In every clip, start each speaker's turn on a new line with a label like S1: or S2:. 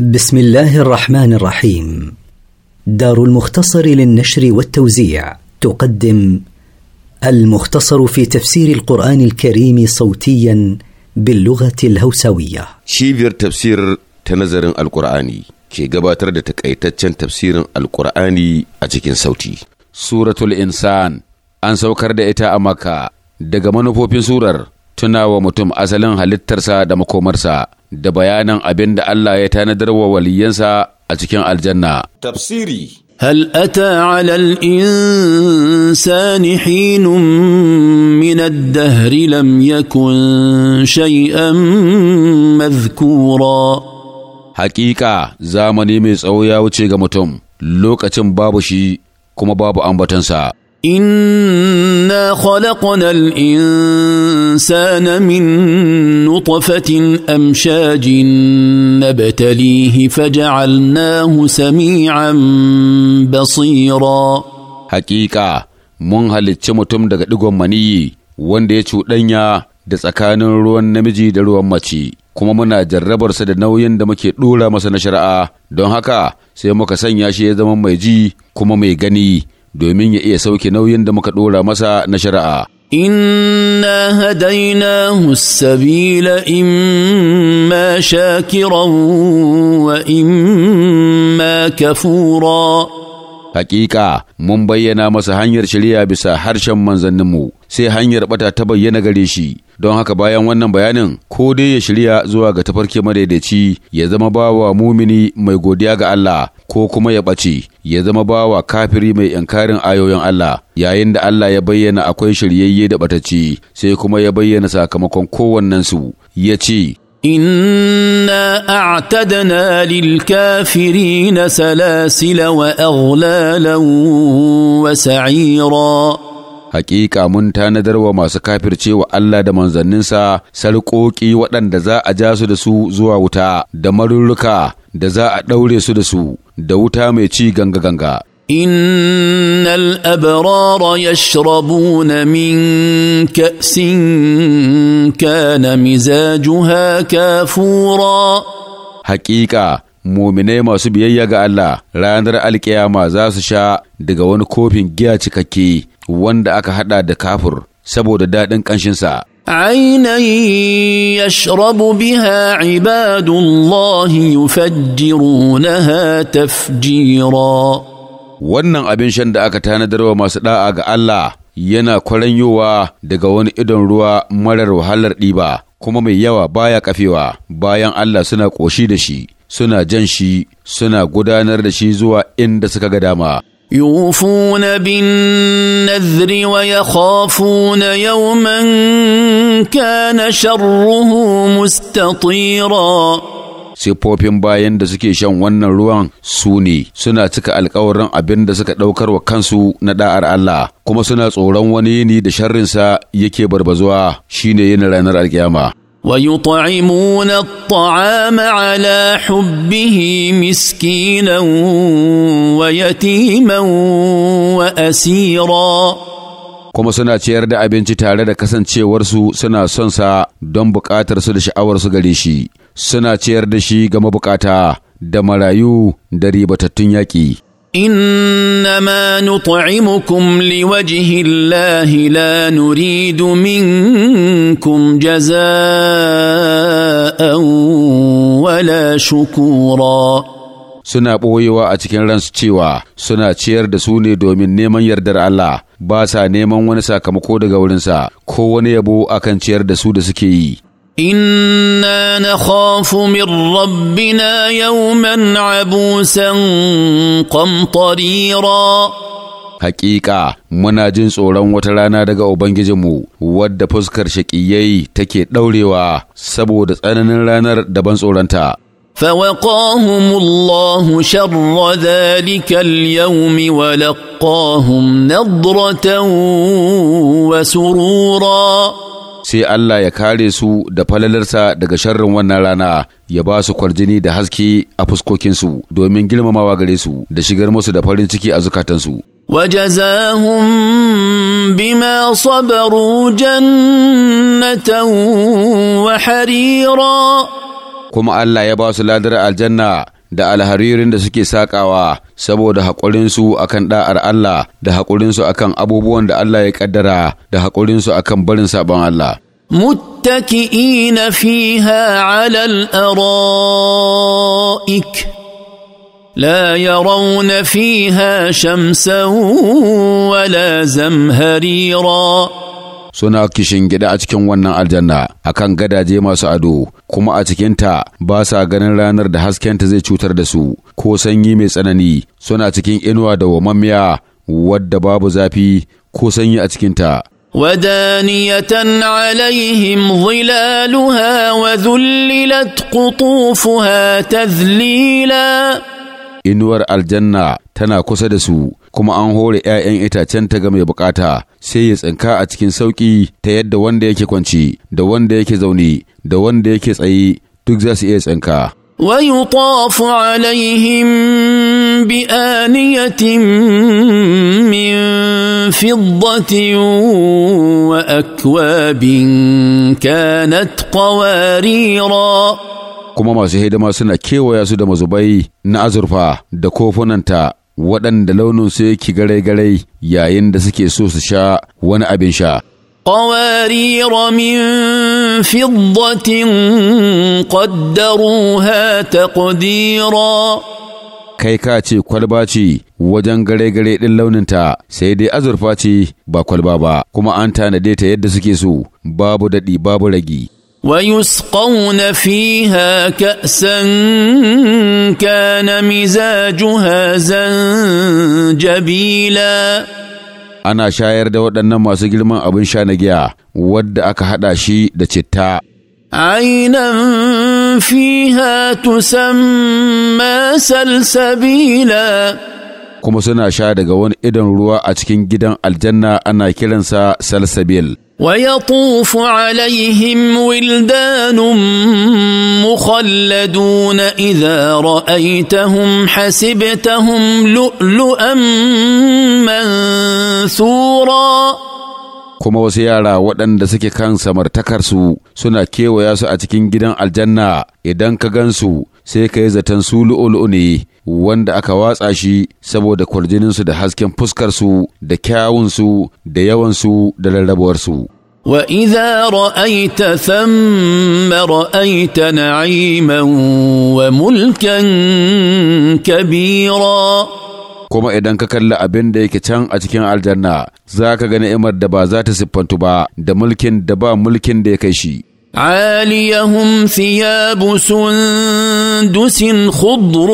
S1: بسم الله الرحمن الرحيم دار المختصر للنشر والتوزيع تقدم المختصر في تفسير القرآن الكريم صوتيا باللغة الهوسوية
S2: شيفير تفسير تنظر القرآني كي قباتر تكأيتتشن تفسير القرآني أجيكين صوتي سورة الإنسان أن سوكر دائتا أمكا دقمانو بوبين سورر تناو متم asalin halittarsa دمكو مرسا da bayanan abin da Allah ya tanadar wa waliyansa a cikin aljanna. Tafsiri هل أتى على
S1: الإنسان حين من الدهر لم يكن شيئا mai
S2: tsawo ya wuce ga mutum lokacin babu shi kuma babu ambatansa.
S1: انا خلقنا الانسان من نطفه امشاج نبتليه فجعلناه سميعا بصيرا
S2: حقيقه mun halicci mutum daga digon maniyi wanda ya cuɗanya da tsakanin ruwan namiji da ruwan mace kuma muna jarrabarsa da nauyin da muke ɗora masa na shari'a don haka sai muka sanya shi ya zama mai ji kuma mai gani domin ya iya sauke nauyin da muka ɗora masa na shari'a.
S1: Inna hadaina sabila imma shakiran wa imma kafura.
S2: Hakika mun bayyana masa hanyar shirya bisa harshen manzanninmu sai hanyar bata ta bayyana gare shi. don haka bayan wannan bayanin ko dai ya shirya zuwa ga tafarki madaidaici ya zama bawa mumini mai godiya ga Allah ko kuma ya ɓace ya zama bawa kafiri mai inkarin ayoyin Allah yayin da Allah ya bayyana akwai shiryayye da ɓatacci, sai kuma ya bayyana sakamakon su
S1: ya ce انا اعتدنا للكافرين سلاسل واغلالا
S2: وسعيرا hakika mun tanadar wa masu kafircewa Allah da manzanninsa sarƙoƙi waɗanda za a ja su da su zuwa wuta da marurruka da za a ɗaure su da su da wuta mai ci ganga-ganga.
S1: إن الأبرار يشربون na miza juha ka fura.
S2: حقيقة muminai masu biyayya ga Allah ranar alƙiyama za su sha daga wani kofin giya cikakke wanda aka hada da kafur saboda daɗin ƙanshinsa.
S1: عينا يشرب بها عباد الله يفجرونها تفجيرا wannan abin shan da aka
S2: tanadar wa masu da'a ga Allah yana kwaranyowa daga wani idon ruwa marar wahalar ɗiba kuma mai yawa baya kafewa bayan Allah suna ƙoshi da shi suna jan shi suna gudanar da shi zuwa inda suka ga dama
S1: yufuna bin النذر ويخافون يوما كان شره مستطيرا
S2: siffofin bayan da suke shan wannan ruwan su ne suna cika alkawarin abin da suka ɗaukar wa kansu na da'ar Allah kuma suna tsoron wani yini da sharrinsa yake barbazuwa shine yin ranar alkiyama
S1: ويطعمون الطعام على حبه مسكينا ويتيما واسيرا
S2: kuma suna ciyar da abinci tare da kasancewarsu suna son sa don bukatarsu da sha'awarsu gare shi suna ciyar da shi ga mabukata da marayu da ribatattun yaƙi
S1: انما نطعمكم لوجه الله لا نريد منكم جزاء ولا شكورا
S2: suna ɓoyewa a cikin ransu cewa suna ciyar da su ne domin neman yardar Allah ba sa neman wani sakamako daga wurinsa ko wani yabo akan ciyar da su da suke yi
S1: انا نخاف من ربنا يوما عبوسا قمطريرا
S2: haƙiƙa muna jin tsoron wata rana daga Ubangijinmu wadda fuskar shaƙiyai take ɗaurewa saboda tsananin ranar daban tsoronta.
S1: Fawaƙahumullahu sharra zalikal yaumi wa laƙahum nadratan wa surura.
S2: sai Allah ya kare su da falalarsa daga sharrin wannan rana ya ba su kwarjini da haske a fuskokinsu domin girmamawa gare su da shigar musu da farin ciki a zukatansu.
S1: وجزاهم بما صبروا جنة وحريرا
S2: كما الله يباس لادر الجنة da alharirin da suke sakawa saboda haƙurinsu akan ɗa'ar Allah da haƙurinsu akan abubuwan da Allah ya ƙaddara da haƙurinsu akan barin saɓon Allah.
S1: متكئين فيها على الارائك لا يرون فيها شمسا ولا زمهريرا suna kishin gida a cikin wannan
S2: aljanna a kan gadaje masu ado kuma a cikinta ba sa ganin ranar da haskenta zai cutar da su ko sanyi mai tsanani suna cikin inuwa da wamammiya wadda babu zafi ko sanyi a cikinta
S1: ودانية عليهم ظلالها وذللت قطوفها تذليلا
S2: inuwar aljanna tana kusa da su kuma an hore ‘ya'yan itacen ta ga mai bukata sai ya tsinka a cikin sauƙi ta yadda wanda yake kwanci da wanda yake zaune da wanda yake tsaye duk za su iya tsinka.
S1: ويطاف عليهم بآنية من wa akwabin كانت قواريرا
S2: kuma masu hidima suna kewaya su da mazubai na azurfa da kofunanta waɗanda launin su yake garai-garai yayin da suke so su sha wani abin sha.
S1: قوارير من فضة قدروها تقديرا
S2: kai ka ce kwalba ce wajen gare-gare ɗin launinta sai dai azurfa ce ba kwalba ba kuma an tanade ta yadda suke so babu daɗi babu ragi
S1: ويسقون فيها كأسا كان مزاجها زنجبيلا
S2: ana shayar da waɗannan masu girman abin sha na giya wadda aka haɗa shi da citta. Ainan fiha tusamma
S1: salsabila.
S2: Kuma suna sha daga wani idon ruwa a cikin gidan aljanna ana kiransa salsabil.
S1: ويطوف عليهم ولدان مخلدون اذا رايتهم حسبتهم لؤلؤا منثورا
S2: kuma wasu yara waɗanda suke kan samartakarsu suna kewaya su a cikin gidan aljanna idan ka gansu sai ka yi zaton su lu'ulu'u ne wanda aka watsa shi saboda kwarjininsu da hasken fuskarsu da kyawunsu da yawansu da rarrabuwarsu.
S1: واذا رايت ثم رايت wa وملكا كبيرا
S2: kuma idan ka kalli abin da yake can a cikin aljanna za ka ga ni'imar da ba za ta siffantu ba da mulkin da ba mulkin da ya
S1: kai shi عاليهم ثياب سندس خضر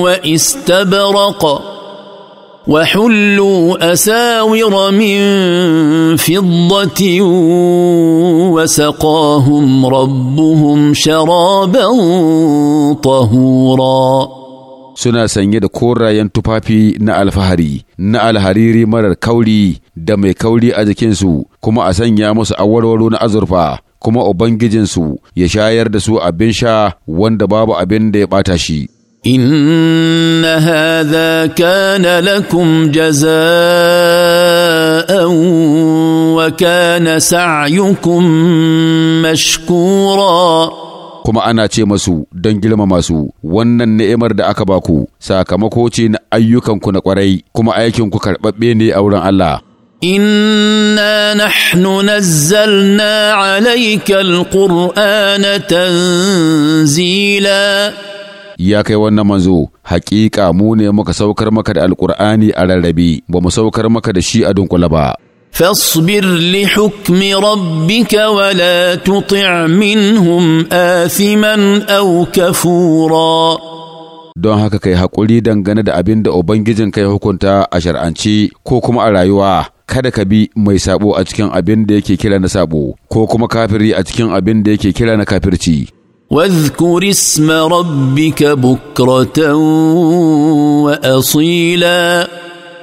S1: واستبرق وحلوا اساور من فضه وسقاهم ربهم شرابا
S2: طهورا suna sanye da korayen tufafi na alfahari, na alhariri marar kauri da mai kauri a jikinsu, kuma a sanya musu awarwaro na azurfa kuma Ubangijinsu ya shayar da su abin sha wanda babu abin da ya ɓata shi.
S1: إن هذا كان لكم جزاء وكان سعيكم مشكورا
S2: kuma ana ce masu don girmama su wannan ni'imar da aka baku sakamako ce na ayyukanku na kwarai kuma aikinku karɓaɓɓe ne a wurin Allah.
S1: نحن نزلنا عليك القرآن Tanzila.
S2: ya kai wannan manzo Haƙiƙa, mu ne muka saukar maka da alkur'ani a rarrabe ba mu saukar maka da shi a dunkula ba
S1: فاصبر لحكم ربك ولا تطع منهم آثما أو كفورا
S2: don haka kai haƙuri dangane da abin da Ubangijin kai hukunta a shar'anci ko kuma a rayuwa kada ka bi mai saɓo a cikin abin da yake kira na sabo ko kuma kafiri a cikin abin da yake kira na kafirci
S1: واذكر اسم ربك بكرة وأصيلا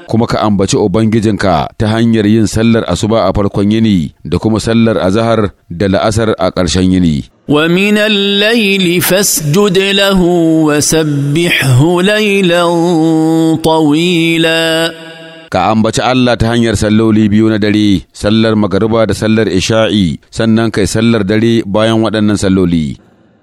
S1: kuma ka
S2: ambaci Ubangijinka ta hanyar yin sallar asuba a farkon yini da kuma sallar azahar da la'asar a ƙarshen yini.
S1: Wa minal laili fasjud wa sabbihu laylan tawila.
S2: ka ambaci Allah ta hanyar salloli biyu na dare sallar magariba da sallar isha'i sannan kai sallar dare bayan waɗannan salloli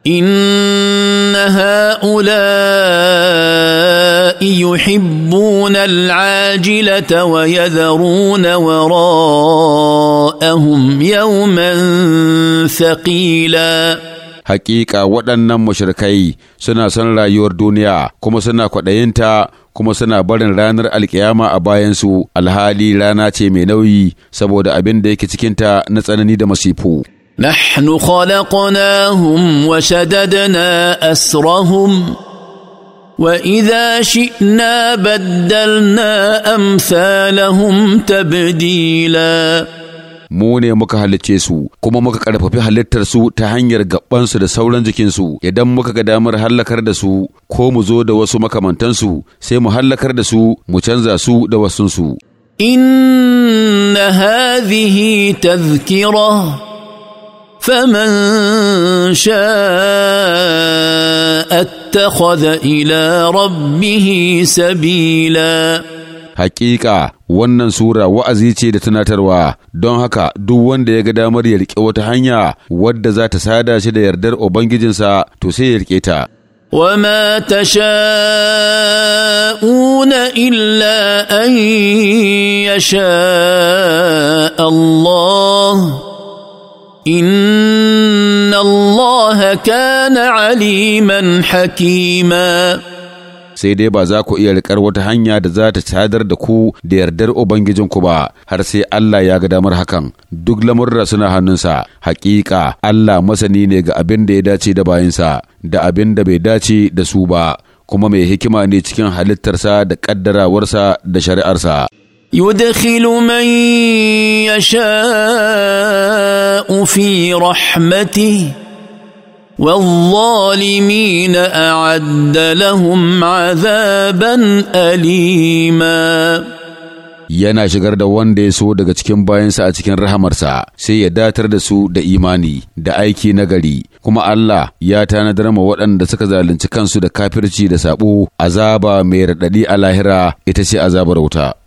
S1: ان هؤلاء يحبون العاجله ويذرون وراءهم يوما ثقيلا
S2: Haƙiƙa waɗannan mashirkai suna son rayuwar duniya kuma suna kwaɗayinta kuma suna barin ranar alkiyama a bayansu alhali rana ce mai nauyi saboda abin da yake cikinta na tsanani da masifu.
S1: نحن خلقناهم وشددنا اسرهم واذا شئنا بدلنا امثالهم تبديلاً mu ne muka halicce su kuma
S2: muka ƙarfafi halittar su ta hanyar su da sauran jikinsu idan muka ga damar hallakar da su ko mu zo da wasu makamantansu sai mu hallakar da su mu canza su da wasunsu.
S1: إن هذه تذكرة فمن شاء اتخذ إلى ربه سبيلاً Hakika
S2: wannan sura wa'azi ce da tunatarwa, don haka duk wanda ya ga damar ya riƙe wata hanya wadda za ta sada shi da yardar Ubangijinsa to sai ya riƙe ta.
S1: وما تشاءون الا ان يشاء الله ان الله كان عليما
S2: حكيما sai dai ba za ku iya riƙar wata hanya da za ta sadar da ku da yardar ubangijin ku ba, har sai Allah ya ga damar hakan. Duk lamurra suna hannunsa, haƙiƙa Allah masani ne ga abin da ya dace da bayinsa da abin da bai dace da su ba, kuma mai hikima ne cikin halittarsa da ƙaddarawarsa da shari'arsa.
S1: يدخل من يشاء في رحمته والظالمين اعد لهم عذابا اليما
S2: yana shigar da wanda ya so daga cikin bayansa a cikin rahamarsa sai ya datar da su da imani da aiki nagari kuma Allah ya tanadar ma waɗanda suka zalunci kansu da
S1: kafirci da saɓo, azaba mai raɗaɗi a lahira ita ce azabar wuta